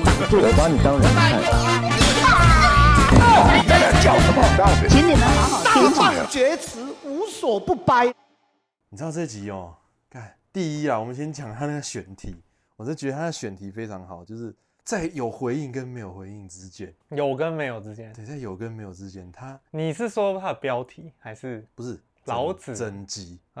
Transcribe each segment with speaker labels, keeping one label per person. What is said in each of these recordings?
Speaker 1: 我把你當人看。啊、你在那叫什麼？請你們好好大放厥詞，無所不掰。你知道這集哦、喔？看第一啊，我們先講他那個選題，我是覺得他的選題非常好，就是在有回應跟沒有回應之間，有跟沒有之間，對，在有跟沒有之間，他你是說他的標題還是不是老子真機？嗯、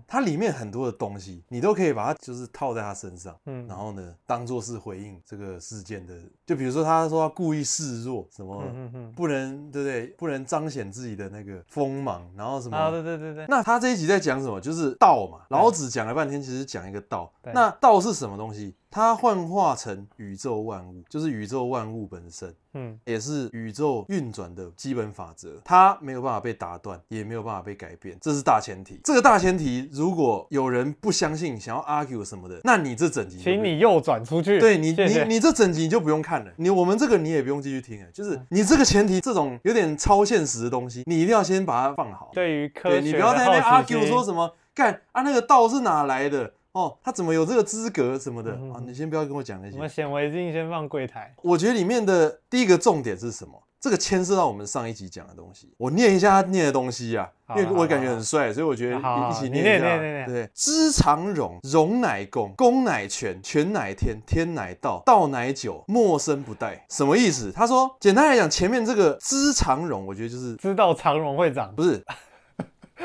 Speaker 1: uh...，它裡面很多的東西，你都可以把它就是套在他身上，嗯，然後呢，當做是回應這個事件的，就比如說他說他故意示弱，什麼不能，嗯哼哼，對不對？不能彰顯自己的那個鋒芒，然後什麼，oh, 對對
Speaker 2: 對對。那他
Speaker 1: 這一集在講什麼？就是道嘛，老子講了半天，其實講一個道，嗯。那道是什麼東西？它幻化成宇宙萬物，就是宇宙萬物本身，嗯，也是宇宙運轉的基本法則。它沒有辦法被打斷，也沒有辦法被改變，這是大前提。這這個、大前提，如果有人不相信，想要 argue 什麼的，那你這整集對不對，請你右轉出去。對你，謝謝對你，你這整集你就不用看了。你我們這個你也不用繼續聽哎，就是你這個前提，這種有點超現實的東西，你一定要先把它放好。對於科學期期，你不要在那 argue 說什麼，幹啊那個道是哪來的哦，他怎麼有這個資格什麼的、嗯、啊？你先不要跟我講那些。我
Speaker 2: 們顯微鏡先放櫃台。
Speaker 1: 我覺得裡面的第一個重點是什麼？這個牽涉到我們上一集講的東西，我念一下他念的東西啊，因為我感覺很帥，所以我覺得你一起念念念念。對，知常容，容乃公，公乃全，全乃天，天乃道，道乃久，沒身不殆。什麼意思？他說，簡單來講，前面這個知常容，我覺得就是知道常容會長，不是，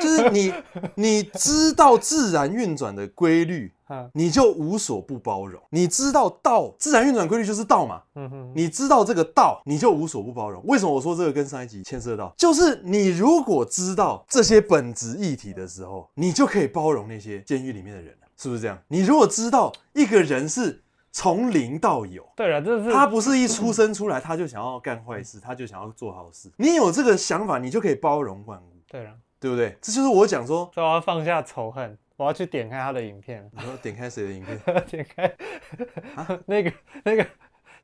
Speaker 1: 就是你你知道自然運轉的規律。你就無所不包容。你知道道，自然運轉規律就是道嘛。嗯哼。你知道這個道，你就無所不包容。為什麼我說這個跟上一集牽涉到？就是你如果知道這些本質議題的時候，你就可以包容那些監獄裡面的人，是不是這樣？你如果知道一個人是從零到有，對啊，就是他不是一出生出來他就想要幹壞事，他就想要做好事。你有這個想法，你就可以包容萬物。對啊，對不對？這就是我講說，
Speaker 2: 說要放下仇恨。我要去點開他的影片。我說，點開誰的影片？
Speaker 1: 點開那個那個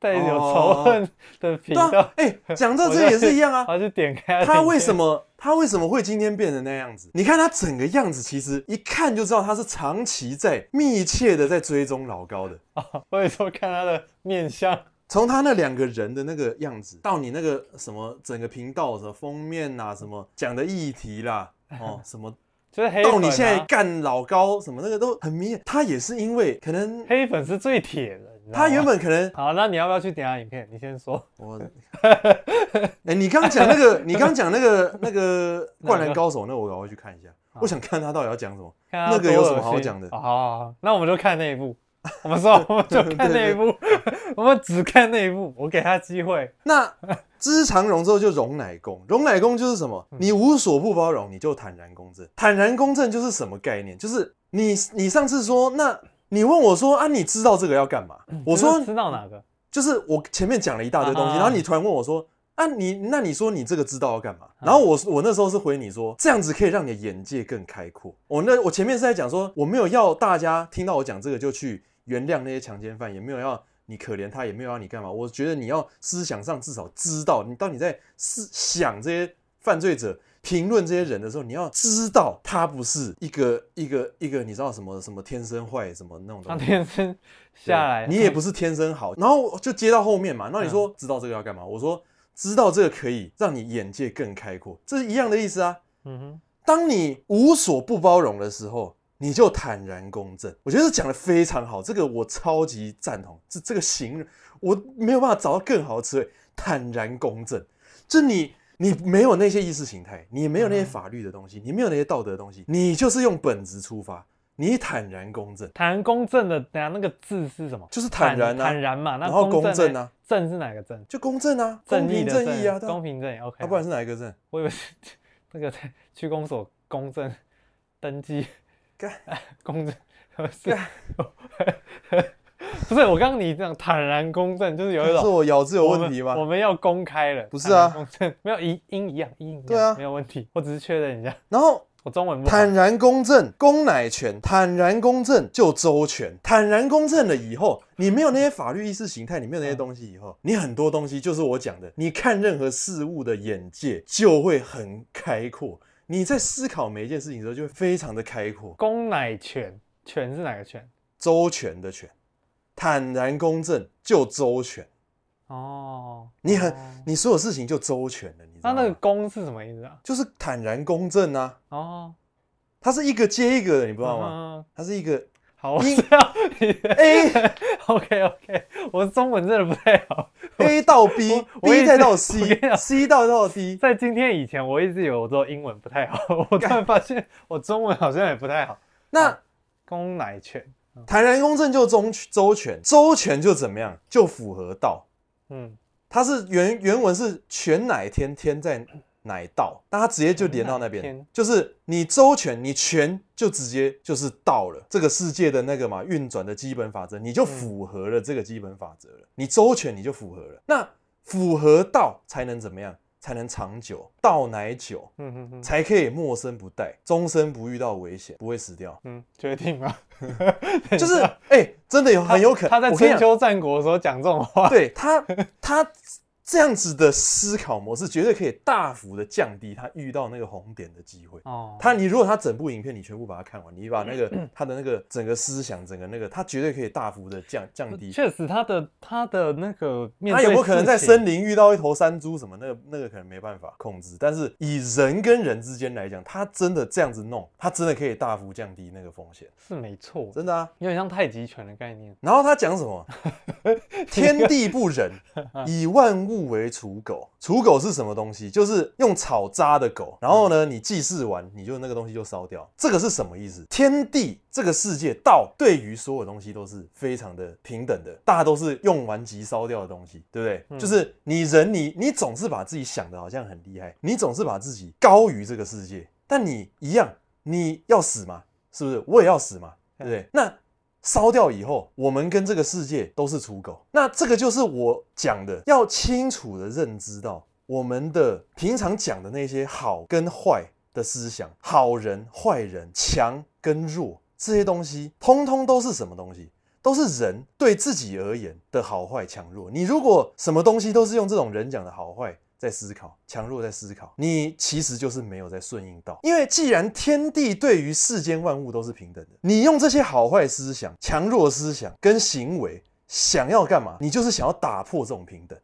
Speaker 1: 帶有仇恨的頻道。哎，講到這也是一樣啊。我要去點開他的影片。為什麼他為什麼會今天變成那樣子？你看他整個樣子，其實一看就知道他是長期在密切的在追蹤老高的啊。哦、我也說，看他的面相，從他那兩個人的那個樣子，到你那個什麼整個頻道什麼封面啊，什麼講的議題啦， 哦什麼。就是黑洞，啊，你現在干老高什麼那個都很迷。他也是因為可能黑粉是最鐵的，他原本可能。
Speaker 2: 好，那你要不要去點下影片？你先說。我。
Speaker 1: 哎、 欸，你剛剛講那個， 你剛剛講那個 那個灌籃高手，那個，我趕快去看一下，我想看他到底要講什麼，那個有什麼好講好的，哦，
Speaker 2: 好，好那我們就看那一部，
Speaker 1: 我們說我們就看那一部。對對對，我們只看那一步，我給他機會。那知常容之後就容乃公，容乃公就是什麼？你無所不包容，你就坦然公正。坦然公正就是什麼概念？就是你，你上次說，那你問我說啊，你知道這個要幹嘛？我說、嗯就是、知道哪個、嗯？就是我前面講了一大堆東西啊啊啊啊，然後你突然問我說啊你，你那你說你這個知道要幹嘛？然後我我那時候是回你說這樣子可以讓你的眼界更開闊。我那我前面是在講說，我沒有要大家聽到我講這個就去原諒那些強姦犯，也沒有要。你可憐他也沒有讓你幹嘛？我覺得你要思想上至少知道，你當你在思想這些犯罪者評論這些人的時候，你要知道他不是一個一個一個，一個你知道什麼什麼天生壞什麼那種東西。天生
Speaker 2: 下來，你也不
Speaker 1: 是天生好。然後就接到後面嘛。那你說、嗯、知道這個要幹嘛？我說知道這個可以讓你眼界更開闊，這是一樣的意思啊。嗯哼，當你無所不包容的時候。你就坦然公正，我覺得講得非常好，這個我超級贊同。這這個形容，我沒有辦法找到更好的詞彙，坦然公正。就你，你沒有那些意識形態，你沒有那些法律的東西、嗯，你沒有那些道德的東西，你就是用本質出發，你坦然公正。坦然公正的，等下那個字是什麼？就是坦然、啊，坦然嘛那，然後公正啊，正是哪個正？就公正啊，正義的正義啊，公
Speaker 2: 平正義。O K。啊 okay 啊啊、不然是哪一個正？我以為是那個去公所公正登記。公正，不是。不是我剛剛你樣坦然公正，就是有一種是我咬字有問題嗎？我們要公開了，不是啊，公正、啊、沒有一音，音一樣音。對啊，沒有問題，我只是確認一下。然後我中文。坦
Speaker 1: 然公正，公乃全；坦然公正就周全。坦然公正了以後，你沒有那些法律意識形態，沒有那些東西以後，你很多東西就是我講的。你看任何事物的眼界就會很開闊。你在思考每一件事情的時候，就會非常的開闊。公乃全，全是哪個全？周全的全。坦然公正就周全。哦，你很、哦、你所有事情就周全了，你知道那、啊、那個公是什麼意思啊？就是坦然公正啊。哦，它是一個接一個的，你不知道嗎？嗯、它是一個好 A。 欸 OK OK，我中文真的不太好。A 到 B，B 再
Speaker 2: 到 C，C 到 D 到 D。在今天以前，我一直以為我說英文不太好。我突然發
Speaker 1: 現，我中文
Speaker 2: 好像也不太好。
Speaker 1: 那公乃全，坦然公正就中，周全，周全就怎麼樣？就符合道。嗯，它是原原文是全乃天天在。乃道，大家直接就連到那邊，嗯，就是你周全，你全就直接就是道了。這個世界的那個嘛，運轉的基本法則，你就符合了這個基本法則了，嗯。你周全，你就符合了。那符合道才能怎麼樣？才能長久？道乃久、嗯嗯，才可以沒身不殆終身不遇到危險，不會死掉。嗯，確定嗎？ 就是哎，欸，真的有很有可能。他，他在春秋戰國的時候講這種話，對他他。他 這樣子的思考模式絕對可以大幅的降低他遇到那個紅點的機會。哦，他你如果他整部影片你全部把它看完，你把那個他的那個整個思想，整個那個，他絕對可以大幅的降降低。確實，他的他的那個，他有沒有可能在森林遇到一頭山豬什麼？那個那個可能沒辦法控制。但是以人跟人之間來講，他真的這樣子弄，他真的可以大幅降低那個風險。是沒錯，真的啊，
Speaker 2: 有點像太極拳的概念。
Speaker 1: 然後他講什麼？天地不仁，以萬物。不為芻狗，芻狗是什麼東西？就是用草紮的狗。然後呢，你祭祀完，你就那個東西就燒掉。這個是什麼意思？天地這個世界，道對於所有東西都是非常的平等的。大家都是用完即燒掉的東西，對不對？嗯、就是你人你，你你總是把自己想得好像很厲害，你總是把自己高於這個世界。但你一樣，你要死嘛？是不是？我也要死嘛？對不對？嗯、那。燒掉以後，我們跟這個世界都是芻狗。那這個就是我講的，要清楚地認知到，我們的平常講的那些好跟壞的思想，好人壞人，強跟弱，這些東西通通都是什麼東西？都是人對自己而言的好壞強弱。你如果什麼東西都是用這種人講的好壞在思考，強弱在思考，你其實就是沒有在順應道，因為既然天地對於世間萬物都是平等的，你用這些好壞思想、強弱思想跟行為想要幹嘛？你就是想要打破這種平等，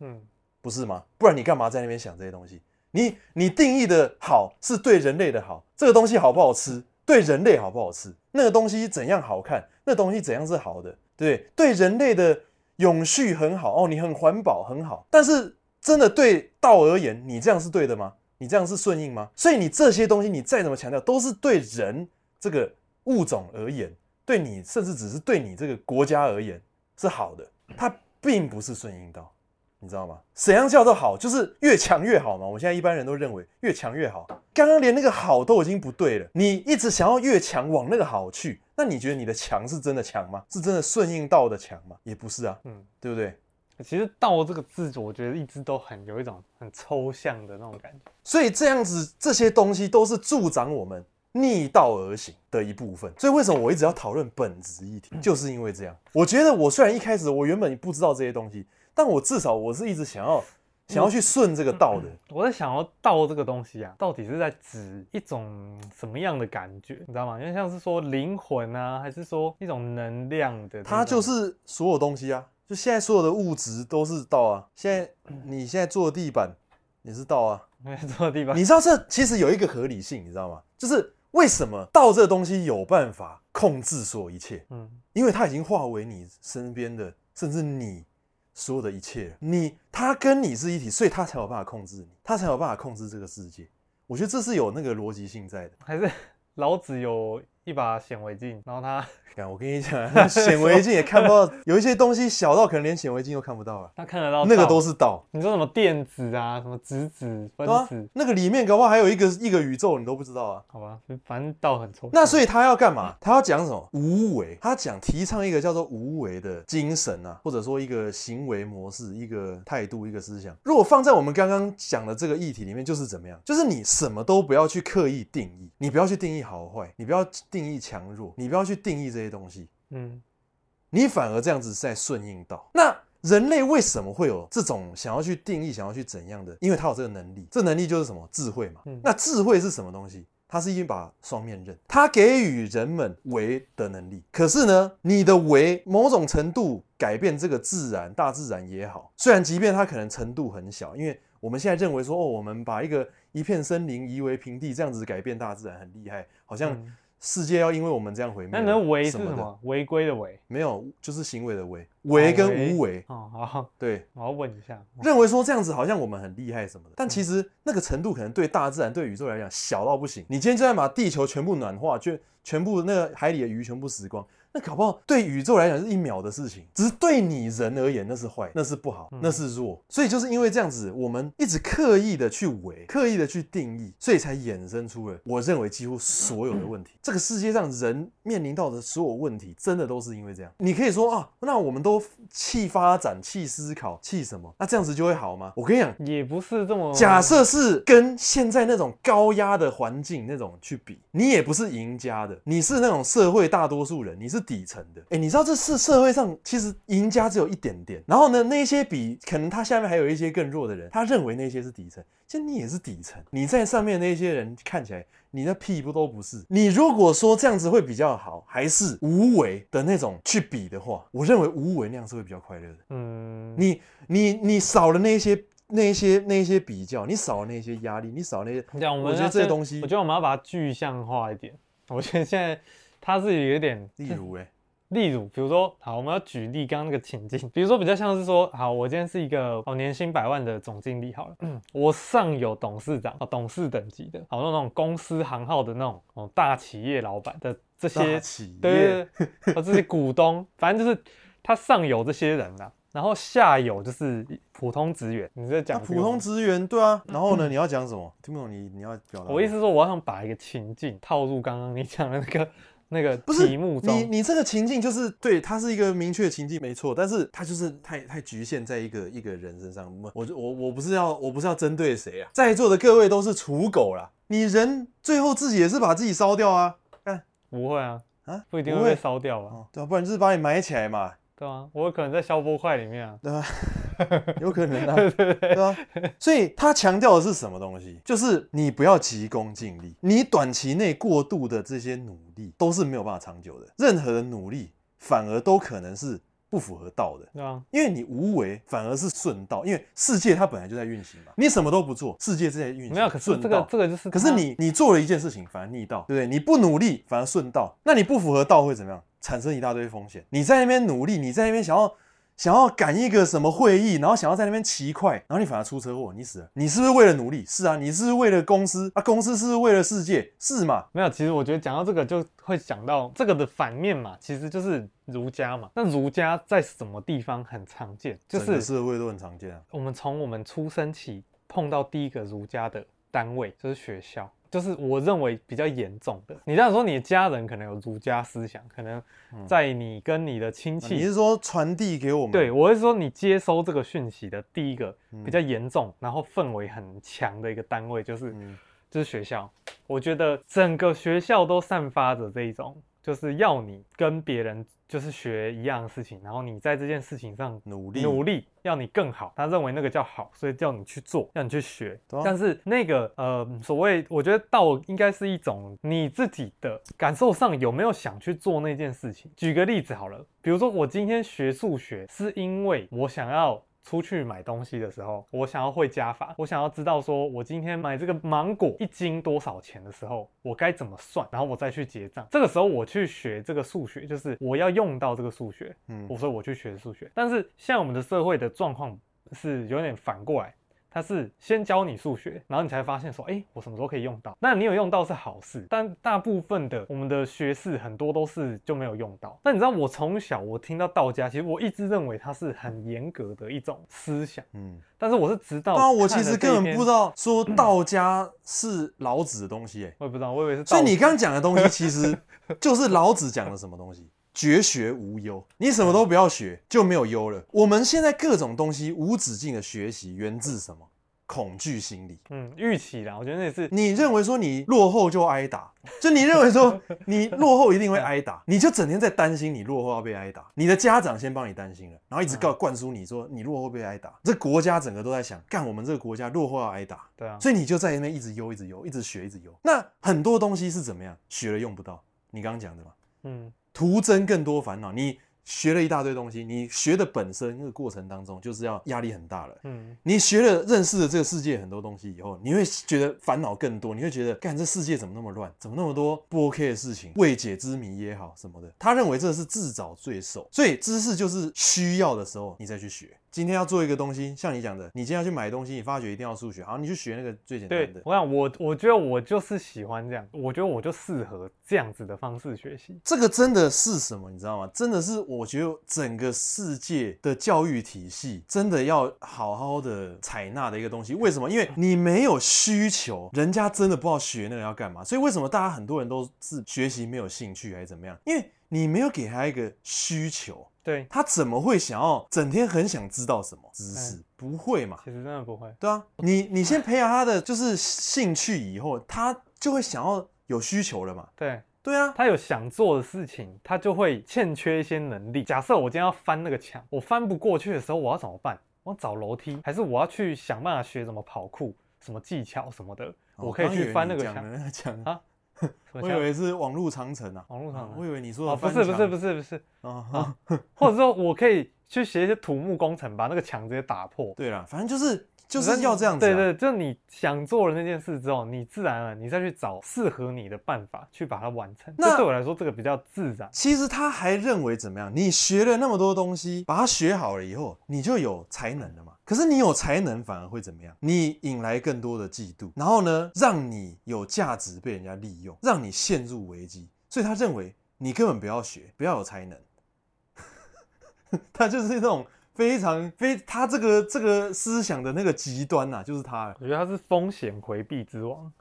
Speaker 1: 嗯，不是嗎？不然你幹嘛在那邊想這些東西？你你定義的好是對人類的好，這個東西好不好吃？對人類好不好吃？那個東西怎樣好看？那個東西怎樣是好的？對不對？對人類的永續很好哦，你很環保很好，但是。真的對道而言，你這樣是對的嗎？你這樣是順應嗎？所以你這些東西，你再怎麼強調，都是對人這個物種而言，對你甚至只是對你這個國家而言是好的。它並不是順應道，你知道嗎？怎樣叫做好，就是越強越好嘛。我現在一般人都認為越強越好。剛剛連那個好都已經不對了，你一直想要越強往那個好去，那你覺得你的強是真的強嗎？是真的順應道的強嗎？也不是啊，嗯，對不對？其實“道”這個字，我覺得一直都
Speaker 2: 很有一種很抽象的那種感覺，
Speaker 1: 所以這樣子這些東西都是助長我們逆道而行的一部分。所以為什麼我一直要討論本質議題，就是因為這樣。我覺得我雖然一開始我原本不知道這些東西，但我至少我是一直想要想要去順這個道的。嗯。
Speaker 2: 我在想要“道”這個東西啊，到底是在指一種什麼樣的感覺，你知道嗎？因為像是說靈魂啊，還是說一種能量的？它就
Speaker 1: 是所有東西啊。就現在所有的物質都是道啊！現在你現在坐的地板，也是道啊？地板。你知道這其實有一個合理性，你知道嗎？就是為什麼道這個東西有辦法控制所有一切？嗯，因為它已經化為你身邊的，甚至你所有的一切，你它跟你是一體，所以它才有辦法控制你，它才有辦法控制這個世界。我覺得這是有那個邏輯性在的。
Speaker 2: 還是老子有一把顯微鏡，然後他。
Speaker 1: 我跟你講，顯微鏡也看不到， 有一些東西小到可能連顯微鏡都看不到了。那看得到，那個都是道。
Speaker 2: 你說什麼電
Speaker 1: 子啊，什麼質子、分子，啊、那個裡面的話，還有一個一個宇宙，你都不知道啊。好吧，反正道很錯。那所以他要幹嘛？嗯。他要講什麼無為？他講提倡一個叫做無為的精神啊，或者說一個行為模式、一個態度、一個思想。如果放在我們剛剛講的這個議題裡面，就是怎麼樣？就是你什麼都不要去刻意定義，你不要去定義好壞，你不要定義強弱，你不要去定義這。這些東西，嗯，你反而這樣子在順應道。那人類為什麼會有這種想要去定義、想要去怎樣的？因為他有這個能力，這能力就是什麼智慧嘛、嗯。那智慧是什麼東西？它是一把雙面刃，它給予人們為的能力。可是呢，你的為某種程度改變這個自然，大自然也好，雖然即便它可能程度很小，因為我們現在認為說，哦，我們把一個一片森林夷為平地，這樣子改變大自然很厲害，好像、嗯。世界要因為我們這樣毀滅？那那個為是什麼？違規的違？沒有，就是行為的為。為跟無為，哦。哦，好。對，
Speaker 2: 我要問一下，
Speaker 1: 認為說這樣子好像我們很厲害什麼的，但其實那個程度可能對大自然、對宇宙來講小到不行。嗯，你今天就算把地球全部暖化，就全部那個海裡的魚全部死光，那搞不好對宇宙來講是一秒的事情，只是對你人而言那是壞，那是不好，那是弱。所以就是因為這樣子，我們一直刻意的去偽，刻意的去定義，所以才衍生出了我認為幾乎所有的問題。這個世界上人面臨到的所有問題，真的都是因為這樣。你可以說啊，那我們都棄發展、棄思考、棄什麼，那這樣子就會好嗎？我跟你講，
Speaker 2: 也不是這
Speaker 1: 麼。假設是跟現在那種高壓的環境那種去比，你也不是贏家的，你是那種社會大多數人，你是。是底層的，哎、欸，你知道這是社會上其實贏家只有一點點，然後呢，那些比可能他下面還有一些更弱的人，他認為那些是底層，其實你也是底層，你在上面那些人看起來，你的屁不都不是。你如果說這樣子會比較好，還是無為的那種去比的話，我認為無為那樣是會比較快樂的。嗯，你你你少了那些那些那些比較，你少了那些壓力，你少了那些，我、嗯、我覺得這些東
Speaker 2: 西，我覺得我們要把它具象化一點。我覺得現在。它是有點，例如誒、欸、例如比如說好，我們要舉例剛剛那個情境，比如說比較像是說好，我今天是一個哦年薪百萬的總經理好了，嗯、我上有董事長哦董事等級的，好那種公司行號的那種哦大企業老板，的這些企業對，對，對這些股東， 反正就是他上有這些人吶、啊，然後下有就是普通職員，你在講普通職
Speaker 1: 員。對啊，然後呢，你要講什麼？聽不懂你你要表達，我
Speaker 2: 意思說我想把一個情境
Speaker 1: 套入剛剛你講的那個。那個不是你你這個情境就是對，它是一個明確情境，沒錯，但是它就是太太侷限在一個一個人身上。我我我不是要我不是要針對誰啊，在座的各位都是芻狗啦。你人最後自己也是把自己燒掉啊？看、啊，不會啊啊，不一定會燒掉吧？哦、對、啊，不然就是把你埋起來嘛。對啊，
Speaker 2: 我有可能在消波塊裡面啊。對、啊。 有可能啊，對吧、啊？
Speaker 1: 所以他強調的是什麼東西？就是你不要急功近利，你短期內過度的這些努力都是沒有辦法長久的。任何的努力反而都可能是不符合道的，因為你無為反而是順道，因為世界它本來就在運行嘛。你什麼都不做，世界在運行，沒有。可是這個這
Speaker 2: 個就是，可是你
Speaker 1: 你做了一件事情反而逆道，對不對？你不努力反而順道，那你不符合道會怎麼樣？產生一大堆風險。你在那邊努力，你在那邊想要。想要趕一個什麼會議，然後想要在那邊騎快，然後你反而出車禍，你死了，你是不是為了努力？是啊，你是不是為了公司？啊，公司是不是為了世界？是嘛？
Speaker 2: 沒有，其實我覺得講到這個就會想到這個的反面嘛，其實就是儒家嘛。那儒家在什麼地方很常見？就是社
Speaker 1: 會都很常見啊。
Speaker 2: 我們從我們出生起，碰到第一個儒家的單位，就是學校。就是我認為比較嚴重的。你這樣說，你的家人可能有儒家思想，可能在你跟你的親戚、嗯啊，你是說
Speaker 1: 傳遞給我們？對，
Speaker 2: 我是說你接收這個訊息的第一個比較嚴重、嗯，然後氛圍很強的一個單位就是、嗯、就是學校。我覺得整個學校都散發着這一種，就是要你跟別人。就是學一樣的事情，然後你在這件事情上努力努力，要你更好。他認為那個叫好，所以叫你去做，讓你去學。但是那個呃、所謂我覺得，道應該是一種你自己的感受上有沒有想去做那件事情。舉個例子好了，比如說我今天學數學，是因為我想要。出去買東西的時候，我想要會加法，我想要知道說我今天買這個芒果一斤多少錢的時候，我該怎麼算，然後我再去結賬。這個時候我去學這個數學，就是我要用到這個數學，嗯，我說我去學數學。但是現在我們的社會的狀況是有點反過來。他是先教你數學，然後你才發現說，哎、欸，我什麼時候可以用到？那你有用到是好事，但大部分的我們的學士很多都是就沒有用到。那你知道我從小我聽到道家，其實我一直認為它是很嚴格的一種思想，嗯，但是我是直到啊，我其實根本不知道
Speaker 1: 說道家是老子的東西、欸，哎、嗯，我也不知道，我以為是道。所以你剛剛講的東西，其實就是老子講的什麼東西？絕學無憂，你什麼都不要學，就沒有憂了。我們現在各種東西無止境的學習，源自什麼？恐懼心理。嗯，預期啦。我覺得那也是你認為說你落後就挨打，就你認為說你落後一定會挨打， 你就整天在擔心你落後要被挨打。你的家長先幫你擔心了，然後一直告灌輸你說你落後被挨打。這國家整個都在想，幹我們這個國家落後要挨打。對啊，所以你就在那邊一直憂，一直憂，一直學，一直憂。那很多東西是怎麼樣？學了用不到，你剛剛講的嘛。嗯。徒增更多煩惱。你學了一大堆東西，你學的本身那個過程當中就是要壓力很大了。嗯，你學了、認識了這個世界很多東西以後，你會覺得煩惱更多，你會覺得幹這世界怎麼那麼亂，怎麼那麼多不 OK 的事情，未解之謎也好什麼的。他認為這是自找罪受，所以知識就是需要的時候你再去學。今天要做一個東西，像你講的，你今天要去買東西，你發覺一定要數學。好，你去學那個最簡單的。對，我講我，我覺得我就是喜歡這樣，我覺得我就適合
Speaker 2: 這樣子的方式學習。
Speaker 1: 這個真的是什麼，你知道嗎？真的是我覺得整個世界的教育體系真的要好好的採納的一個東西。為什麼？因為你沒有需求，人家真的不知道學那個要幹嘛。所以為什麼大家很多人都是學習沒有興趣還是怎麼樣？因為你沒有給他一個需求。對，他怎麼會想要整天很想知道什麼知識？不會嘛？其實真的不會。對啊，你你先培養他的就是興趣，以後他就會想要有需
Speaker 2: 求了嘛。對對啊，他有想做的事情，他就會欠缺一些能力。假設我今天要翻那個牆，我翻不過去的時候，我要怎麼辦？我要找樓梯，還是我要去想辦法學什麼跑酷、什麼技巧什麼的？哦，我可以去翻那個牆那個牆啊。我以為是
Speaker 1: 網絡長城啊，
Speaker 2: 網絡長城、啊。我以為你說的翻牆、啊、不是不是不是不是啊，啊呵呵，或者說我可以去學一些土木工程，把那個牆直接打破。對了，
Speaker 1: 反正就是。就是要
Speaker 2: 這樣子、啊，對，對對，就你想做了那件事之後，你自然了然，你再去找適合你的辦
Speaker 1: 法去把它完成。那對我來說，這個比較自然。其實他還認為怎麼樣？你學了那麼多東西，把它學好了以後，你就有才能了嘛。可是你有才能反而會怎麼樣？你引來更多的嫉妒，然後呢，讓你有價值被人家利用，讓你陷入危機。所以他認為你根本不要學，不要有才能。 他就是這種。非常非，他這個這個思想的那個極端吶、啊，就是他了。我覺得他是風險回避之王。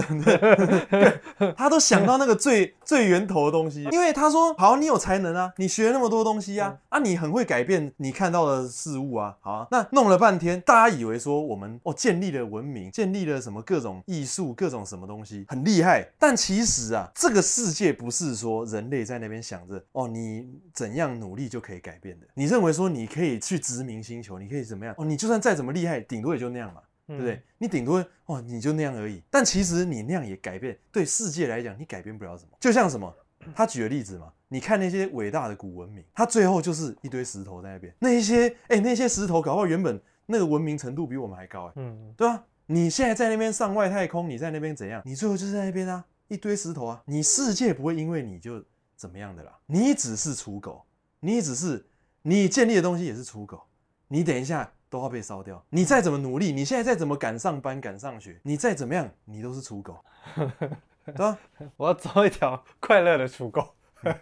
Speaker 1: 對， 他都想到那個最最源頭的東西，因為他說：好，你有才能啊，你學那麼多東西啊，啊，你很會改變你看到的事物啊，好啊。那弄了半天，大家以為說我們哦建立了文明，建立了什麼各種藝術，各種什麼東西很厲害，但其實啊，這個世界不是說人類在那邊想着哦，你怎樣努力就可以改變的。你認為說你可以去殖民星球，你可以怎麼樣？哦，你就算再怎麼厲害，頂多也就那樣嘛。 對不對？你頂多哦，你就那樣而已。但其實你那樣也改變對世界來講，你改變不了什麼。就像什麼，他舉的例子嘛，你看那些偉大的古文明，它最後就是一堆石頭在那邊。那一些哎、欸，那些石頭搞不好原本那個文明程度比我們還高嗯、欸， 對啊。你現在在那邊上外太空，你在那邊怎樣？你最後就是在那邊啊，一堆石頭啊。你世界不會因為你就怎麼樣的啦。你只是芻狗，你只是你建立的東西也是芻狗。你等一下。都要被燒掉。你再怎麼努力，你現在再怎麼趕上班、趕上學，你再怎麼樣，你都是芻狗， 對吧、
Speaker 2: 啊？我要做一條快樂的芻狗，
Speaker 1: 對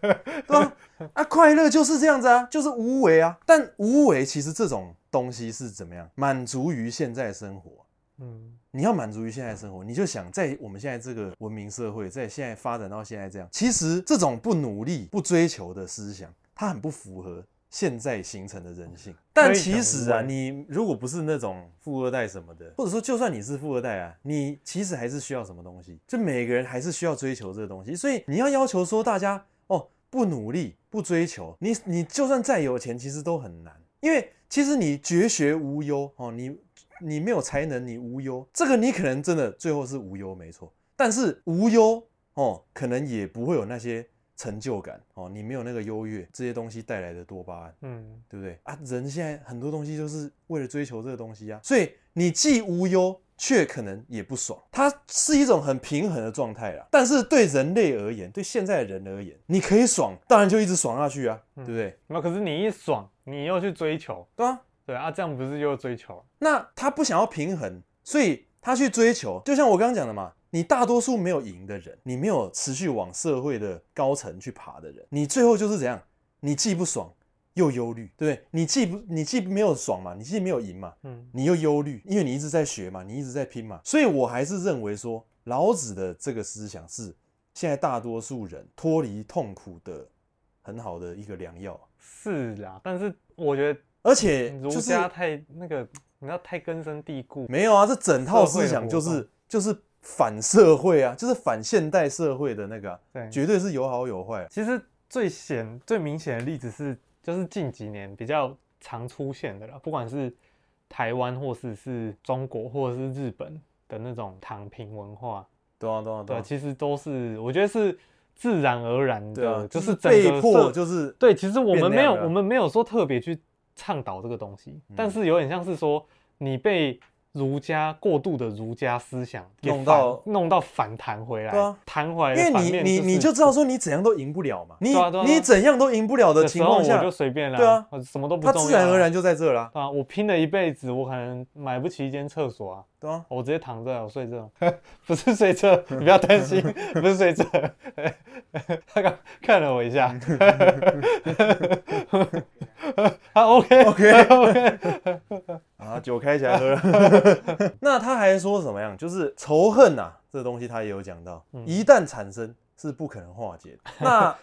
Speaker 1: 吧、啊？啊，快樂就是這樣子啊，就是無為啊。但無為其實這種東西是怎麼樣？滿足於現在生活。嗯，你要滿足於現在生活，你就想在我們現在這個文明社會，在現在發展到現在這樣，其實這種不努力、不追求的思想，它很不符合。現在形成的人性，但其實啊，你如果不是那種富二代什麼的，或者說就算你是富二代啊，你其實還是需要什麼東西。就每個人還是需要追求這個東西，所以你要要求說大家哦，不努力、不追求，你你就算再有錢，其實都很難，因為其實你絕學無憂哦，你你沒有才能，你無憂，這個你可能真的最後是無憂沒錯，但是無憂哦，可能也不會有那些。成就感哦，你沒有那個優越這些東西帶來的多巴胺，嗯，對不對啊？人現在很多東西就是為了追求這個東西啊，所以你既無憂，卻可能也不爽，它是一種很平衡的狀態啦。但是對人類而言，對現在的人而言，你可以爽，當然就一直爽下去啊，嗯、對不對？
Speaker 2: 那可是你一爽，你又去追求，對吧、啊？對啊，這樣不是又追求？
Speaker 1: 那他不想要平衡，所以。他去追求，就像我剛剛講的嘛，你大多數沒有贏的人，你沒有持續往社會的高層去爬的人，你最後就是怎樣？你既不爽又憂慮，對不對？你既不你既沒有爽嘛，你既沒有贏嘛，嗯，你又憂慮，因為你一直在學嘛，你一直在拼嘛，所以我還是認為說，老子的這個思想是現在大多數人脫離痛苦的很好的一個良藥。是啦，
Speaker 2: 但是我
Speaker 1: 覺得，而且儒家
Speaker 2: 太那個。就是你要太根深蒂固？沒
Speaker 1: 有啊，這整套思想就是就是反社會啊，就是反現代社會的那個、啊，對，絕對是有好有壞、啊。其實最顯最明顯的例子是，就是
Speaker 2: 近幾年比較常出現的啦，不管是台灣或是是中國或者是日本的那種躺平文化，對啊對啊對啊對，其實都是我覺得是自然而然的，啊、就是整被迫就是對，其實我們沒有我們沒有說特別去。倡導這個東西，但是有點像是說你被儒家過度的儒家思想弄到弄到反彈回來，彈、啊、回來、就是，因為你你你就
Speaker 1: 知道說你怎樣都贏不了嘛，你對啊對啊你怎樣都贏不了的情況下，這個、我就隨便啦，對啊，我什麼都不懂他自然而然
Speaker 2: 就在這了，啊，我拼了一輩子，我可能買不起一間廁所啊。嗎哦、我直接躺着，我睡著。 不是睡著，你不要擔心，不是睡著 他剛看了我一下，他、 ah, OK OK OK， 啊，酒開起來喝。
Speaker 1: 那他還說什麼樣？就是仇恨啊，這個、東西他也有講到、嗯，一旦產生是不可能化解的。 那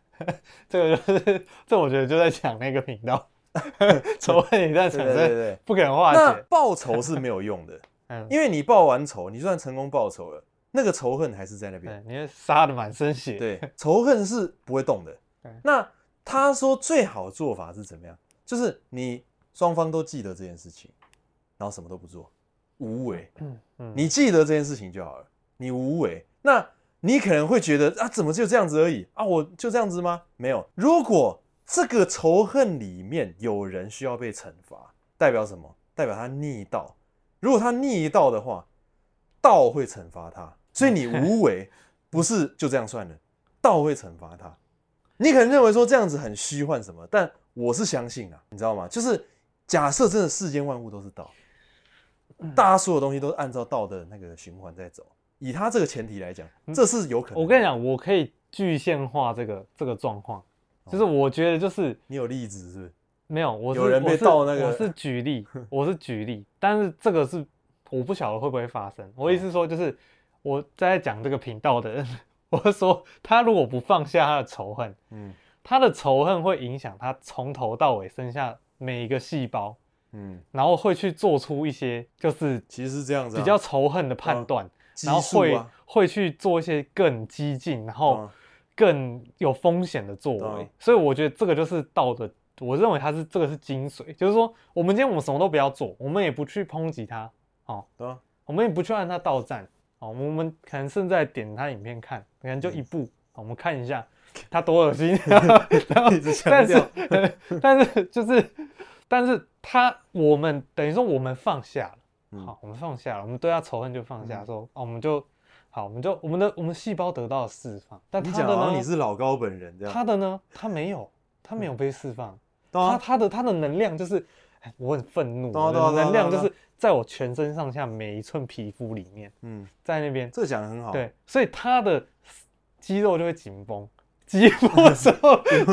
Speaker 1: 這個就是，這我覺得就在講那個頻道， 仇恨一旦產生， 對對對對對，不可能化解，那報仇是沒有用的。 嗯、因為你報完仇，你就算成功報仇了，那個仇恨還是在那邊、嗯。你殺的滿身血。對，仇恨是不會動的。嗯、那他說最好的做法是怎麼樣？就是你雙方都記得這件事情，然後什麼都不做，無為。嗯嗯，你記得這件事情就好了，你無為。那你可能會覺得啊，怎麼就這樣子而已啊？我就這樣子嗎？沒有。如果這個仇恨裡面有人需要被懲罰，代表什麼？代表他逆道。如果他逆道的話，道會懲罰他。所以你無為不是就這樣算了，道會懲罰他。你可能認為說，這樣子很虛幻什麼，但我是相信啊，你知道嗎？就是假設真的世間萬物都是道，大家所有東西都是按照道的那個循環在走。以他這個前提來講，這是有可能。我跟你講，我可以具現化這個這個狀況，就是我覺得就是，你有例子是不是？沒有，我是、那個、我，是我是
Speaker 2: 舉例，我是舉例， 但是這個是我不曉得會不會發生。我意思說就是我在講這個頻道的人，我說他如果不放下他的仇恨，嗯、他的仇恨會影響他從頭到尾生下每一個細胞、嗯，然後會去做出一些就是其實是這樣子比較仇恨的判斷、啊啊啊，然後會會去做一些更激進，然後更有風險的作為、嗯。所以我覺得這個就是道的。我認為他是這個是精髓，就是說，我們今天我們什麼都不要做，我們也不去抨擊他，好、哦啊，我們也不去按他到站好，我們可能現在點他影片看，可能就一部、嗯哦，我們看一下他多噁心， 然後， 但是、 嗯，但是就是，但是他，我們等於說我們放下了、嗯，好，我們放下了，我們對他仇恨就放下說，說、嗯，哦，我們就好，我們就我們的我們細胞得到了釋放、嗯，但他的呢？你，你是
Speaker 1: 老高本人這樣？他
Speaker 2: 的呢？他沒有，他沒有被釋放。嗯他、哦啊、他的他的能量就是，我很憤怒、哦哦哦，能量就是在我全身上下每一寸皮膚裡面，嗯，在那邊這講的很好，對，所以他的肌肉就會緊繃，緊繃的時候就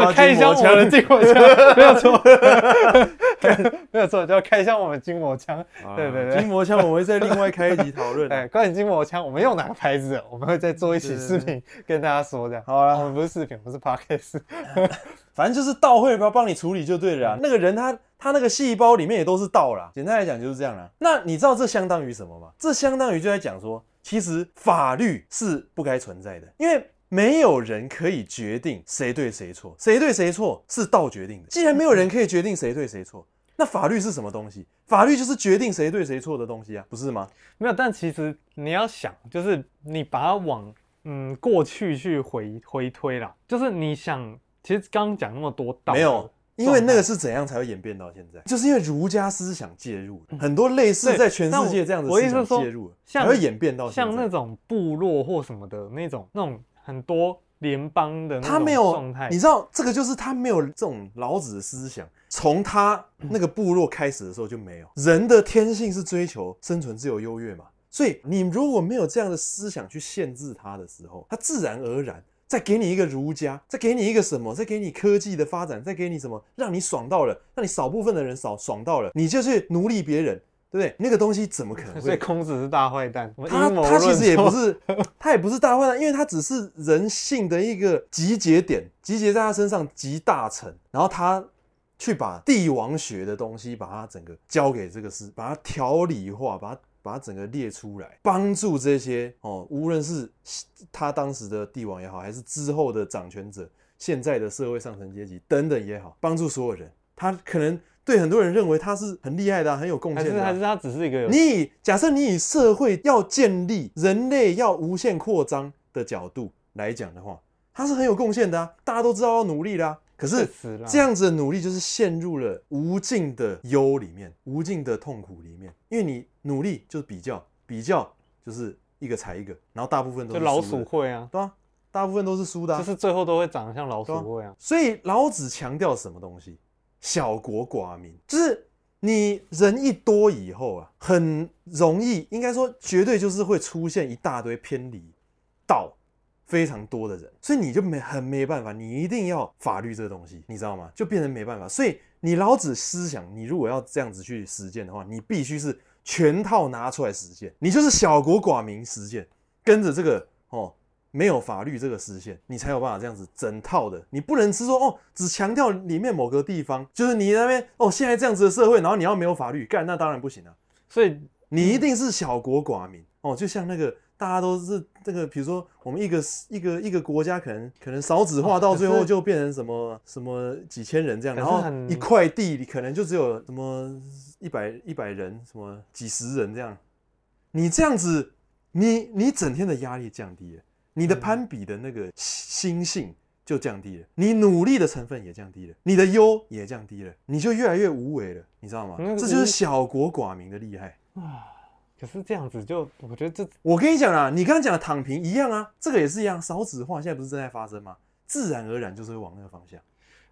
Speaker 2: 要開箱我們的筋膜槍，沒有錯，沒有錯，就要開箱我們筋膜槍，對對對筋膜槍，我們會在另外開一集討論，哎、嗯，關於筋膜槍我們用哪個牌子，我們會再做一期視頻
Speaker 1: 跟大家說這樣，好了，我、嗯、們不是視頻，我們是 podcast 反正就是道會幫幫你處理就對了啊。那個人他他那個細胞裡面也都是道啦。簡單來講就是這樣啦、啊。那你知道這相當於什麼嗎？這相當於就在講說，其實法律是不該存在的，因為沒有人可以決定誰對誰錯，誰對誰錯是道決定的。既然沒有人可以決定誰對誰錯，那法律是什麼東西？法律就是決定誰對誰錯的東西啊，不是嗎？沒有，但其實你要想，就是你把它往嗯
Speaker 2: 過去去回回推了，就是你想。其實剛剛講那麼多，道，沒有，
Speaker 1: 因為那個是怎樣才會演變到現在？嗯、就是因為儒家思想介入、嗯，很多類似在全世界這樣子思想介入了，會演變到像那種
Speaker 2: 部落或什麼的那種、那種很多聯邦的那種狀態。他沒有，你知
Speaker 1: 道，這個就是他沒有這種老子的思想，從他那個部落開始的時候就沒有。嗯、人的天性是追求生存、自由、優越嘛，所以你如果沒有這樣的思想去限制他的時候，他自然而然。再給你一個儒家，再給你一個什麼，再給你科技的發展，再給你什麼，讓你爽到了，讓你少部分的人少爽到了，你就去奴隸別人，對不對？那個東西怎麼可能？所以
Speaker 2: 孔子是大壞蛋，他他，他其實也不是，
Speaker 1: 他也不是大壞蛋，因為他只是人性的一個集結點，集結在他身上集大成，然後他去把帝王學的東西，把他整個交給這個師，把他條理化，把他。把它整個列出來，幫助這些哦，無論是他當時的帝王也好，還是之後的掌權者、現在的社會上層階級等等也好，幫助所有人。他可能對很多人認為他是很厲害的、啊、很有貢獻的、啊，還是，還是他只是一個？你以假設你以社會要建立、人類要無限擴張的角度來講的話，他是很有貢獻的、啊、大家都知道要努力啦、啊。可是這樣子的努力，就是陷入了無盡的憂裡面，無盡的痛苦裡面。因為你努力，就是比較，比較，就是一個踩一個，然後大部分都是老鼠
Speaker 2: 會啊，對啊，大部分都是輸的、啊，就是最後都會長得像老鼠會啊。啊
Speaker 1: 所以老子強調什麼東西？小國寡民，就是你人一多以後啊，很容易，應該說絕對就是會出現一大堆偏離道。非常多的人，所以你就沒很沒辦法，你一定要法律這個東西，你知道嗎？就變成沒辦法。所以你老子思想，你如果要這樣子去實踐的話，你必須是全套拿出來實踐。你就是小國寡民實踐，跟着這個哦，沒有法律這個實踐，你才有辦法這樣子整套的。你不能是說哦，只強調裡面某個地方，就是你那邊哦，現在這樣子的社會，然後你要沒有法律幹，那當然不行啊。所以你一定是小國寡民哦，就像那個。大家都是這個，比如說我們一個一個一個國家，可能可能少子化到最後就變成什麼、啊、什麼幾千人這樣，然後一塊地你可能就只有什麼一百一百人，什麼幾十人這樣。你這樣子，你你整天的壓力降低了，你的攀比的那個心性就降低了、嗯，你努力的成分也降低了，你的憂也降低了，你就越來越無為了，你知道嗎？嗯、這就是小國寡民的厲害、嗯可是這樣子就，我覺得這，我跟你講啦，你剛剛講的躺平一樣啊，這個也是一樣，少子化現在不是正在發生嗎？自然而然就是會往那個方向。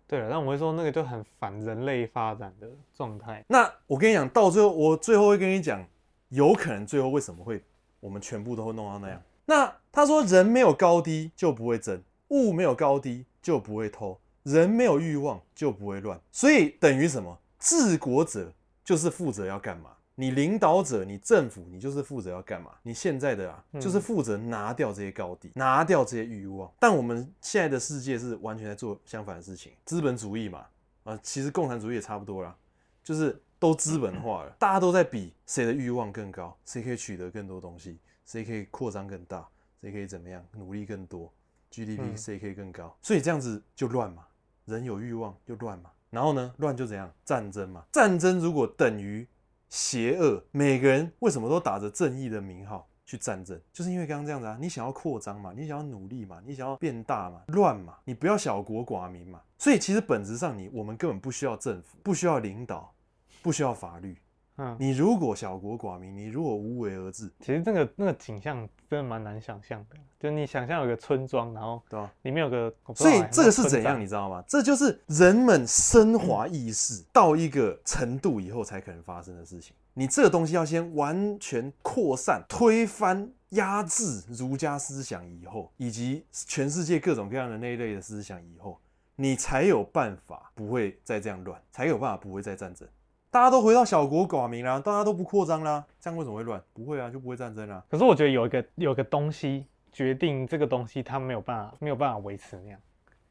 Speaker 1: 對了，那我們會說那個就
Speaker 2: 很反人類發展的狀態。
Speaker 1: 那我跟你講，到最後我最後會跟你講，有可能最後為什麼會我們全部都會弄到那樣？嗯、那他說人沒有高低就不會爭，物沒有高低就不會偷，人沒有慾望就不會亂。所以等於什麼？治國者就是負責要幹嘛？你領導者，你政府，你就是負責要幹嘛？你現在的啊，嗯、就是負責拿掉這些高地，拿掉這些慾望。但我們現在的世界是完全在做相反的事情，資本主義嘛，啊，其實共產主義也差不多啦，就是都資本化了，嗯，大家都在比誰的慾望更高，誰可以取得更多東西，誰可以擴張更大，誰可以怎麼樣努力更多，GDP 誰可以更高，嗯，所以這樣子就亂嘛，人有慾望就亂嘛，然後呢，亂就怎樣，戰爭嘛，戰爭如果等於。邪惡，每個人為什麼都打着正義的名號去戰爭？就是因為剛剛這樣子啊，你想要擴張嘛，你想要努力嘛，你想要變大嘛，亂嘛，你不要小國寡民嘛。所以其實本質上你，你我們根本不需要政府，不需要領導，不需要法律。嗯，你如果小國寡民，
Speaker 2: 你如果無為而治，其實那個那個景象真的蠻難想象的。就你想象有個村莊，然後對吧，裡面有個、嗯，所以這個是怎樣，你知道嗎？這
Speaker 1: 就是人們升華意識到一個程度以後才可能發生的事情。嗯、你這個東西要先完全擴散、推翻、壓制儒家思想以後，以及全世界各種各樣的那一類的思想以後，你才有辦法不會再這樣亂，才有辦法不會再戰爭。大家都回到小國寡民啦、啊，大家都不擴張啦，這樣為什麼會亂？不會啊，就不會戰爭啦、啊。
Speaker 2: 可是我覺得有一個有一個東西決定這個東西，它沒有辦法沒有辦法維持那樣。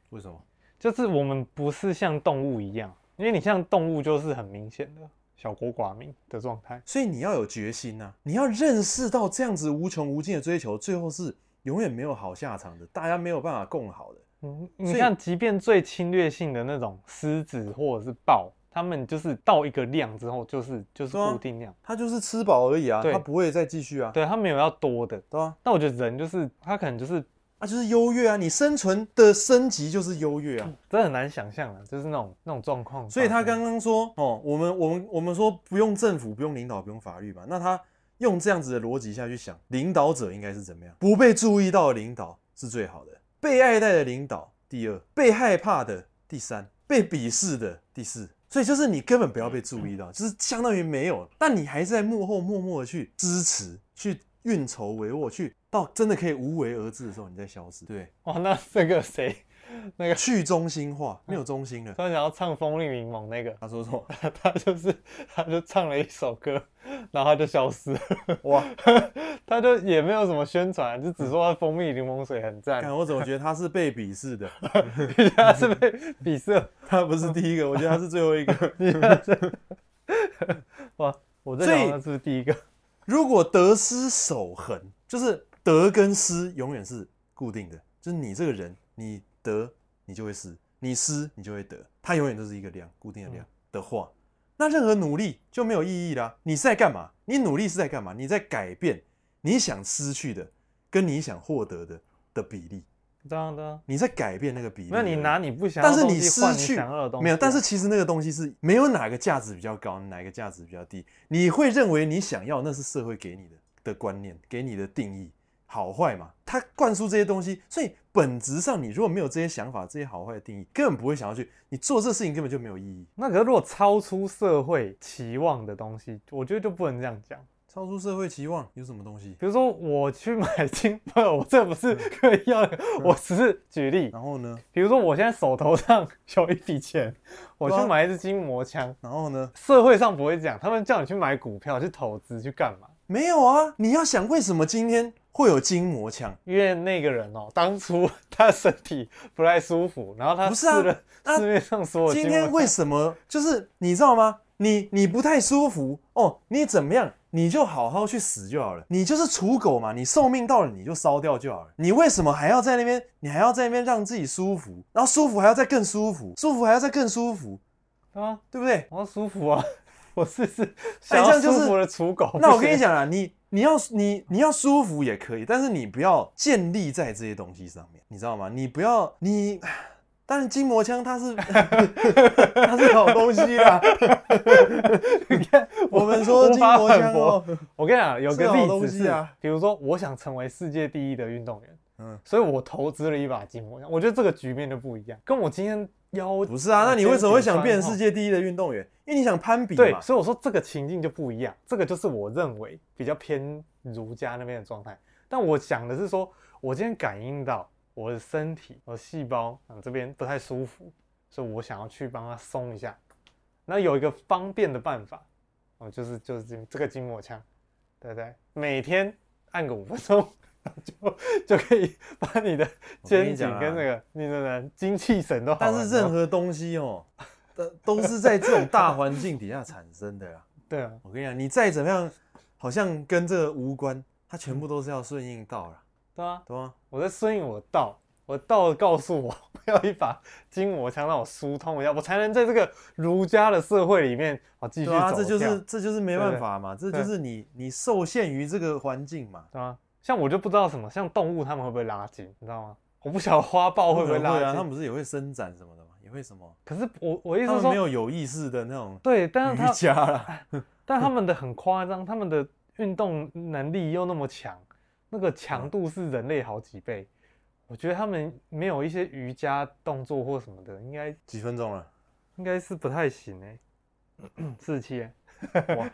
Speaker 2: 為什麼？就是我們不是像動物一
Speaker 1: 樣，因為你像動物就是很明顯的小國寡民的狀態，所以你要有決心啊，你要認識到這樣子無窮無盡的追求，最後是永遠沒有好下場的，大家沒有辦法共好的。嗯，你看，
Speaker 2: 即便最侵略性的那種獅子或者是豹。他們就是到一個量之後，就是就是固定量，啊、
Speaker 1: 他就是吃飽而已啊，他不會再繼續啊，
Speaker 2: 對他沒有要多的，對啊。那我覺得人就是他可能就是啊，就是
Speaker 1: 優越啊，你生存的升級就是優越啊，真、嗯、很難想象啊，就是那種那種狀況。所以他剛剛說哦、嗯，我們我們我們說不用政府，不用領導，不用法律吧？那他用這樣子的邏輯下去想，領導者應該是怎麼樣？不被注意到的領導是最好的，被愛戴的領導第二，被害怕的第三，被鄙視的第四。所以就是你根本不要被注意到，就是相當於沒有，但你還是在幕後默默的去支持，去運籌帷幄，去到真的可以無為而治的時候，你再消失。對，哦，那是這個誰？那個去中心化，沒有中心的。
Speaker 2: 他、嗯、想要唱蜂蜜檸檬那個，他說錯 他就是，他就唱了一首歌，然後他就消失了。哇， 他就也沒有什麼宣傳，就只說他蜂蜜檸檬水很讚。嗯、 我怎麼覺得他是
Speaker 1: 被鄙視的？
Speaker 2: 他是被鄙視。 他不是第一個，我覺
Speaker 1: 得他是最後一個。 哇，我最，這是，是第一個。如果得失守恆，就是得跟失永遠是固定的，就是你這個人，你。得你就會失，你失你就會得，它永遠都是一個量，固定的量、嗯、的話，那任何努力就沒有意義啦、啊。你是在幹嘛？你努力是在幹嘛？你在改變你想失去的跟你想獲得的的比例，
Speaker 2: 當當，
Speaker 1: 你在改變那個比例。那你拿你不想要東西換你想要的東西啊，但是你失去沒有，但是其實那個東西是沒有哪個價值比較高，哪個價值比較低，你會認為你想要那是社會給你的的觀念，給你的定義。好壞嘛，他灌輸這些東西，所以本質上你如果沒有這些想法，這些好壞的定義，根本不會想要去你做這事情，根本就沒有意義。那可是如果超出社會期望的東西，我覺得就不能這樣講。超出社會期望有什麼東西？
Speaker 2: 比如說我去買金，不、嗯，我這不是刻意要、嗯，我只是舉例。然後呢？比如說我現在手頭上有一筆錢，我去買一支筋膜槍、啊。然後呢？社會上不會講，他們叫你去買股票去投資去幹嘛？
Speaker 1: 沒有啊，你要想為什麼今天。會有筋膜槍，
Speaker 2: 因為那個人哦，當
Speaker 1: 初他身體不太舒服，
Speaker 2: 然後他試了市，
Speaker 1: 啊啊、面上所有筋膜槍。今天為什麼？就是你知道嗎？你你不太舒服哦，你怎麼樣？你就好好去死就好了。你就是芻狗嘛，你壽命到了你就燒掉就好了。你為什麼還要在那邊？你還要在那邊讓自己舒服，然後舒服還要再更舒服，舒服還要再更舒服，啊，對不對？好舒服啊， 我試試。哎，這樣就是舒服的芻狗。那我跟你講啊，你。你要你你要舒服也可以，但是你不要建立在這些東西上面，你知道嗎？你不要你，但是筋膜槍它是 它是好東西啊。你
Speaker 2: 看我， 我們說筋膜槍、喔、我，我跟你講有個例子是是好東西啊，比如說我想成為世界第一的運動員，嗯，所以我投資了一把筋膜槍，我覺得這個局面就不一樣，跟我今天。
Speaker 1: 腰不是啊，那你為什麼會想變成世界第一的運動員？
Speaker 2: 因為你想攀比嘛。對，所以我說這個情境就不一樣，這個就是我認為比較偏儒家那邊的狀態。但我想的是說，我今天感應到我的身體、我細胞啊、呃、這邊不太舒服，所以我想要去幫他鬆一下。那有一個方便的辦法，哦、呃，就是就是這個筋膜槍，對不對？每天按個五分鐘。 就就可以把你的
Speaker 1: 肩頸跟那、這個跟你你那個精氣神都好，但是任何東西哦、喔， 都是在這種大環境底下產生的呀。對啊，我跟你講，你再怎麼樣，好像跟這個無關，它全部都是要順應道了、嗯。對啊，對啊，我在順應我
Speaker 2: 道，我道告訴我，不要一把筋膜槍，讓我疏通一下，我才能在這個儒家的社會裡面好繼續走。啊，這就是，這就
Speaker 1: 是沒辦法嘛，對對對，這就是你你
Speaker 2: 受限於這個環境嘛。對啊。像我就不知道什麼，像動物他們會不會拉筋，你知道嗎？我不曉得花豹會不會拉筋。對啊，他們
Speaker 1: 不是也會伸展什麼的嗎？也會什麼？
Speaker 2: 可是我我意思是說沒有有
Speaker 1: 意識的那種，對，但是他瑜伽了，
Speaker 2: 但他們的很誇張，他們的運動能力又那麼強，那個強度是人類好幾倍、嗯，我覺得他們沒有一些瑜伽動作或什麼的，應該幾分鐘了，應該是
Speaker 1: 不太行哎、欸，四
Speaker 2: 十七， 啊、
Speaker 1: 哇，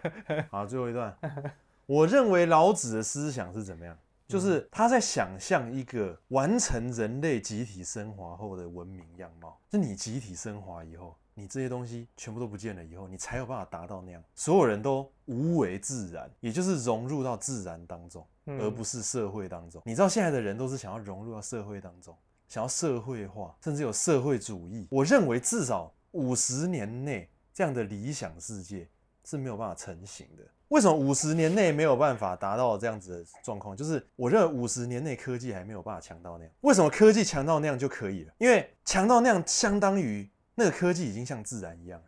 Speaker 1: 好，最後一段。 我認為老子的思想是怎麼樣？就是他在想象一個完成人類集體升華後的文明樣貌。就你集體升華以後，你這些東西全部都不見了以後，你才有辦法達到那樣，所有人都無為自然，也就是融入到自然當中，而不是社會當中。嗯。你知道現在的人都是想要融入到社會當中，想要社會化，甚至有社會主義。我認為至少五十年內這樣的理想世界。是沒有辦法成型的。為什麼五十年內沒有辦法達到這樣子的狀況？就是我認為五十年內科技還沒有辦法強到那樣。為什麼科技強到那樣就可以了？因為強到那樣，相當於那個科技已經像自然一樣，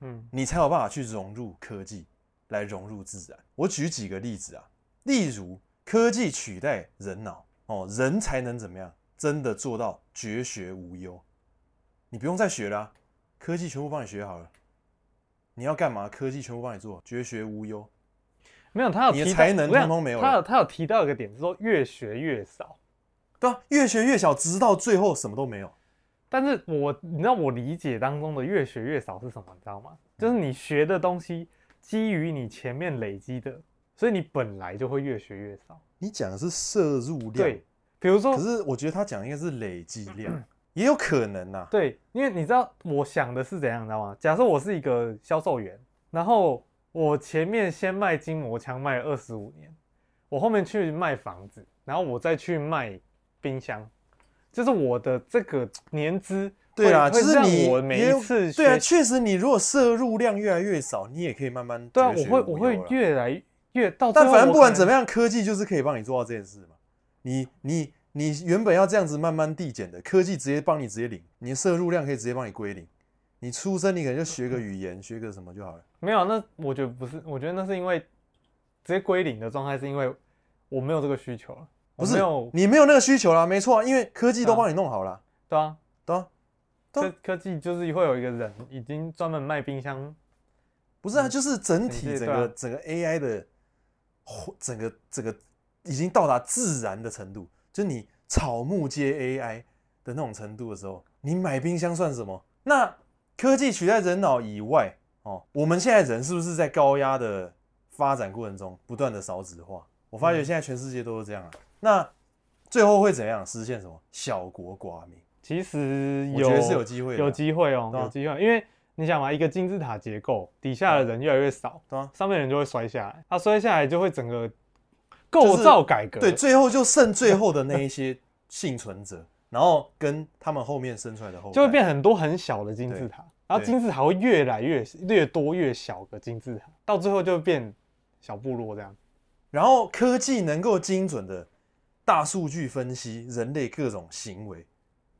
Speaker 1: 嗯，你才有辦法去融入科技，來融入自然。我舉幾個例子啊，例如科技取代人腦，哦，人才能怎麼樣？真的做到絕學無憂，你不用再學了、啊，科技全部幫你學好了。你要幹嘛？科技全部幫你做，絕學無憂。沒有，
Speaker 2: 他有提你才能通通沒有。他有
Speaker 1: 他有提到一個點，就是、說越學越少，對、啊，越學越少，直到最後什麼都沒有。
Speaker 2: 但是我，我你知道我理解當中的越學越少是什麼？你知道嗎？就是你學的東西基於你前面累積的，所以你本來就會越學越少。
Speaker 1: 你講的是攝入量，對，
Speaker 2: 比如說。可是我覺得他講的應該是累積量。 也有可能吶、啊，對，因為你知道我想的是怎樣，知道嗎？假設我是一個銷售員，然後我前面先賣筋膜槍賣了二十五年，我後面去賣房子，然後我再去賣冰箱，就是我的這個年資。
Speaker 1: 對啊，就是你每一次。對啊，確實你如果攝入量越來越少，你也可以慢慢。對啊，我會我會越來越到，但反正不管怎麼樣，科技就是可以幫你做到這件事嘛。你你。你原本要這樣子慢慢遞減的科技，直接幫你直接領，你的攝入量可以直接幫你歸零。你出生你可能就學個語言、嗯，學個什麼就好了。
Speaker 2: 沒有，那我覺得不是，我覺得那是因為直接歸零的狀態是因為我沒有這個需求了，不是沒
Speaker 1: 你沒有那個需求了，沒錯，因為科技都幫你弄好了。
Speaker 2: 對啊，對啊，科科技就是會有一個人已經專門賣冰箱，
Speaker 1: 不是啊，嗯、就是整體是整個，、啊、整個整個 AI 的，整個整個已經到達自然的程度。就你草木皆 AI 的那種程度的時候，你買冰箱算什麼？那科技取代人腦以外，哦，我們現在人是不是在高壓的發展過程中不斷的少子化？嗯。我發覺現在全世界都是這樣啊。那最後會怎樣？實現什麼？小國寡民？
Speaker 2: 其實有，是有機會、啊，有機會哦，有機會，因為你想嘛，一個金字塔結構，底下的人越來越少，對啊，上面人就會摔下來，他摔下來就會整個。
Speaker 1: 構造改革，就是，對，最後就剩最後的那一些倖存者。 然後跟他們後面生出來的後代就會
Speaker 2: 變很多很小的金字塔，然後金字
Speaker 1: 塔會越來越越多越小的金字塔，到最後就會變小部落這樣，然後科技能夠精準的大數據分析人類各種行為，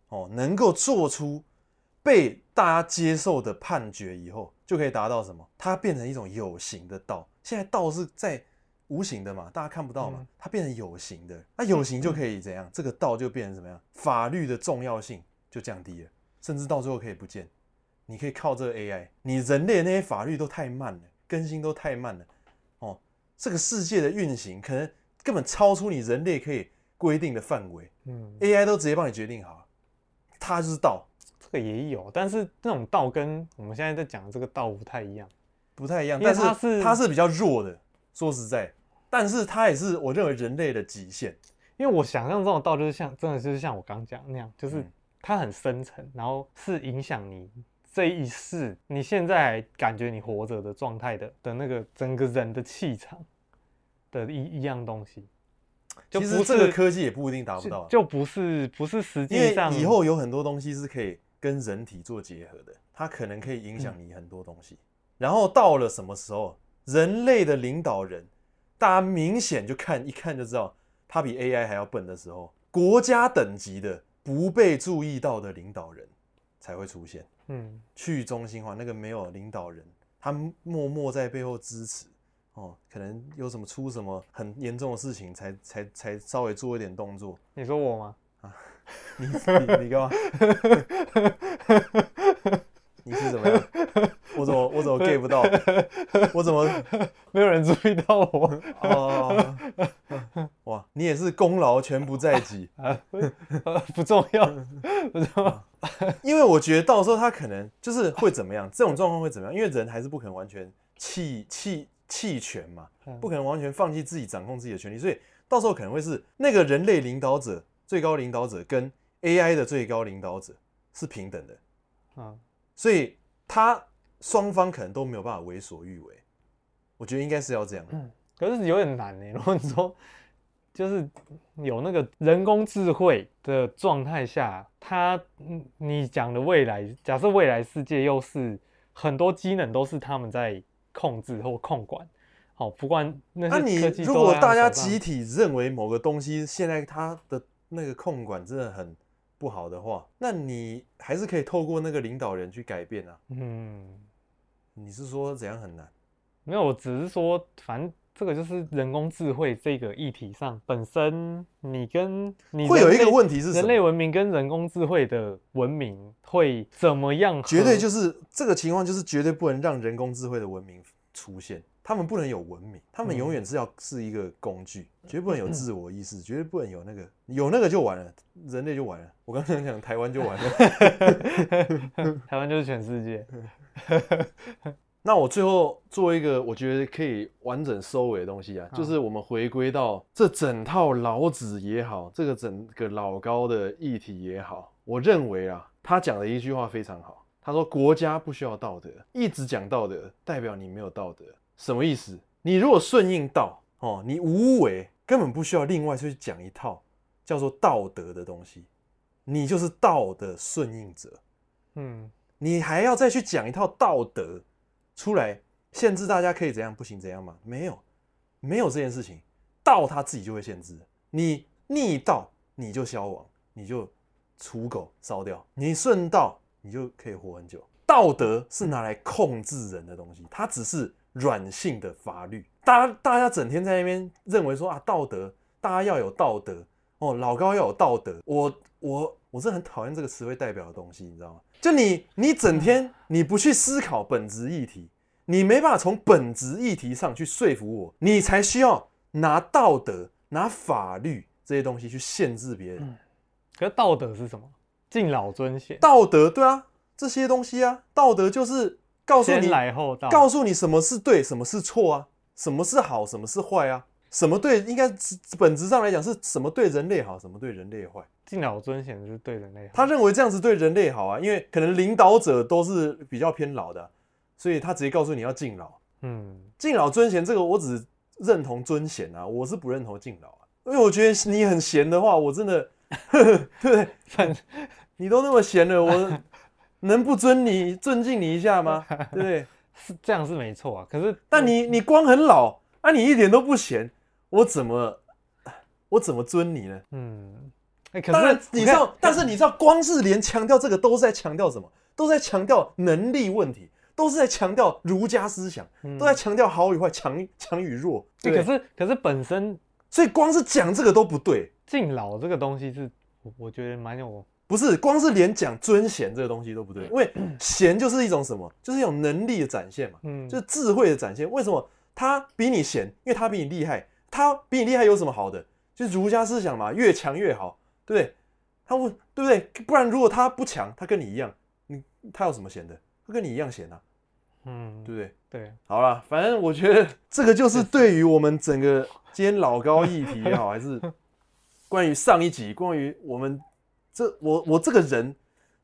Speaker 1: 哦，能夠做出被大家接受的判決以後，就可以達到什麼？它變成一種有形的道。現在道是在。無形的嘛，大家看不到嘛，它變成有形的，那、啊、有形就可以怎樣？這個道就變成怎麼樣？法律的重要性就降低了，甚至到最後可以不見。你可以靠這個 AI，你人類那些法律都太慢了，更新都太慢了。哦，這個世界的運行可能根本超出你人類可以規定的範圍。嗯，AI 都直接幫你決定好，它就是道。這個也有，但是這種道跟我們
Speaker 2: 現在在講的這個道不太一樣，
Speaker 1: 不太一樣。是但是它是比
Speaker 2: 較弱的，說實在。但是它也是我認為人類的極限，因為我想象中的道就是像真的就是像我剛剛講的那樣，就是它很深層，然後是影響你這一世你現在感覺你活着的狀態的的那個整個人的氣場
Speaker 1: 的一一樣東西。其實這個科技也不一定達不到，
Speaker 2: 就不是,就就不,是
Speaker 1: 不是實際上以後有很多東西是可以跟人體做結合的，它可能可以影響你很多東西，嗯。然後到了什麼時候，人類的領導人。大家明顯就看一看就知道，他比 AI 還要笨的時候，國家等級的不被注意到的領導人才會出現。嗯，去中心化那個沒有領導人，他默默在背後支持。哦，可能有什麼出什麼很嚴重的事情才，才才才稍微做一點動作。你說我嗎？
Speaker 2: 啊，你你幹嘛？ 你是怎麼樣？
Speaker 1: 我怎麼 沒有人注意到我、 啊、哇，你也是功勞全不在己，不重要，不重要，因為我覺得到時候他可能就是會怎麼樣，這種狀況會怎麼樣？因為人還是不可能完全棄棄棄權嘛，不可能完全放棄自己掌控自己的權利，所以到時候可能會是那個人類領導者，最高領導者跟 AI 的最高領導者是平等的，所以他。雙方可能都沒有辦法為所欲為，我覺得應該是要這樣的、嗯。可是
Speaker 2: 有點難呢、欸，如果你說就是有那個人工智慧的狀態下，他，你講的未來，假設未來世界又是很多機能都是他們在控制或控管，好，不管那那、啊、你如果大家集
Speaker 1: 體認為某個東西現在它的那個控管真的很不好的話，那你還是可以透過那個領導人去改變啊。嗯。你是說怎樣很難？
Speaker 2: 沒有，我只是說，反正這個就是人工智慧這個議題上本身，你跟你會有一個問題是人類文明跟人工智慧的文明會怎麼樣？絕對就是
Speaker 1: 這個情況，就是絕對不能讓人工智慧的文明出現，他們不能有文明，他們永遠是要是一個工具，嗯、絕對不能有自我意識，嗯、絕對不能有那個，有那個就完了，人類就完了。我剛才講台灣就完了， 台灣就是全世界。 那我最後做一個我覺得可以完整收尾的東西啊，嗯、就是我們回歸到這整套老子也好，這個整個老高的議題也好，我認為啊，他講的一句話非常好，他說國家不需要道德，一直講道德代表你沒有道德，什麼意思？你如果順應道哦，你無為，根本不需要另外去講一套叫做道德的東西，你就是道的順應者，嗯。你還要再去講一套道德出來限制大家可以怎樣，不行怎樣嗎？沒有，沒有這件事情，道他自己就會限制，你逆道，你就消亡，你就芻狗燒掉；你順道你就可以活很久。道德是拿來控制人的東西，它只是軟性的法律。大家大家整天在那邊認為說啊，道德大家要有道德。哦，老高要有道德，我我我是很討厭這個詞彙代表的東西，你知道嗎？就你你整天你不去思考本質議題，你沒辦法從本質議題上去說服我，你才需要拿道德、拿法律這些東西去限制別人。嗯，可是道德是什麼？敬老尊賢。道德對啊，這些東西啊，道德就是告訴你先來後道，告訴你什麼是對，什麼是錯啊，什麼是好，什麼是壞啊。什麼對，應該是本質上來講是什麼對人類好，什麼對人類壞？敬老
Speaker 2: 尊賢就是對人類好，他
Speaker 1: 認為這樣子對人類好啊，因為可能領導者都是比較偏老的，所以他直接告訴你要敬老。嗯，敬老尊賢這個我只認同尊賢啊，我是不認同敬老啊，因為我覺得你很閒的話，我真的，對 不對？ 反正你都那麼閒了，我能不尊你、尊敬你一下嗎？ 對，是這樣是沒錯啊，可是，但你你光很老，那、啊、你一點都不閒。我怎麼，我怎麼尊你呢？嗯，
Speaker 2: 哎、欸，是當然你知道，
Speaker 1: 但是你知道，光是連強調這個，都是在強調什麼？都是在強調能力問題，都是在強調儒家思想，嗯、都在強調好與壞，強強與弱、欸。對，可是可是本身，所以光是講這個都不對。敬老這個東西是，我，我覺得蠻有……不是光是連講尊賢這個東西都不對，因為賢就是一種什麼？就是一種能力的展現嘛，嗯，就是智慧的展現。為什麼他比你賢？因為他比你厲害。他比你厲害有什麼好的？就是儒家思想嘛，越強越好，對不對？他問，對不對？不然如果他不強，他跟你一樣，你他有什麼閒的？他跟你一樣閒吶啊。嗯，對不對？對，好了，反正我覺得這個就是對於我們整個今天老高議題也好，還是關於上一集，關於我們這我我這個人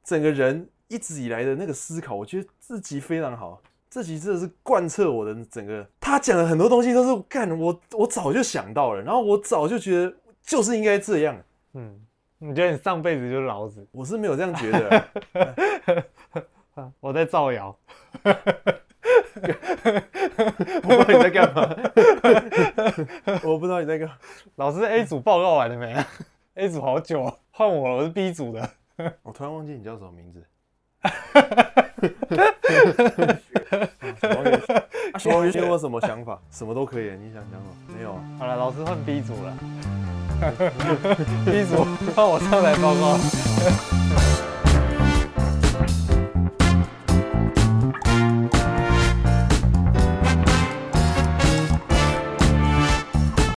Speaker 1: 整個人一直以來的那個思考，我覺得自己非常好。這集真的是貫徹我的整個，他講了很多東西都是干我，我早就想到了，然後我早就覺得就是應該這樣。嗯，你覺得你上輩子就是老子？我是沒有這樣覺得、啊啊，我在造謠。
Speaker 2: 我不知道你在幹嘛， 我不知道你在幹。 在幹 老師，A 組報告完了沒？A 組好久啊、哦，換我了，我是 B 組的。
Speaker 1: 我突然忘記你叫什麼名字。哈哈哈，哈哈哈，哈哈哈，給我什麼想法？ 什麼都可以，你想想法。哦。沒有、啊，好了，老師換 B 組了，哈 哈 ，B 組，換我上來報
Speaker 2: 告。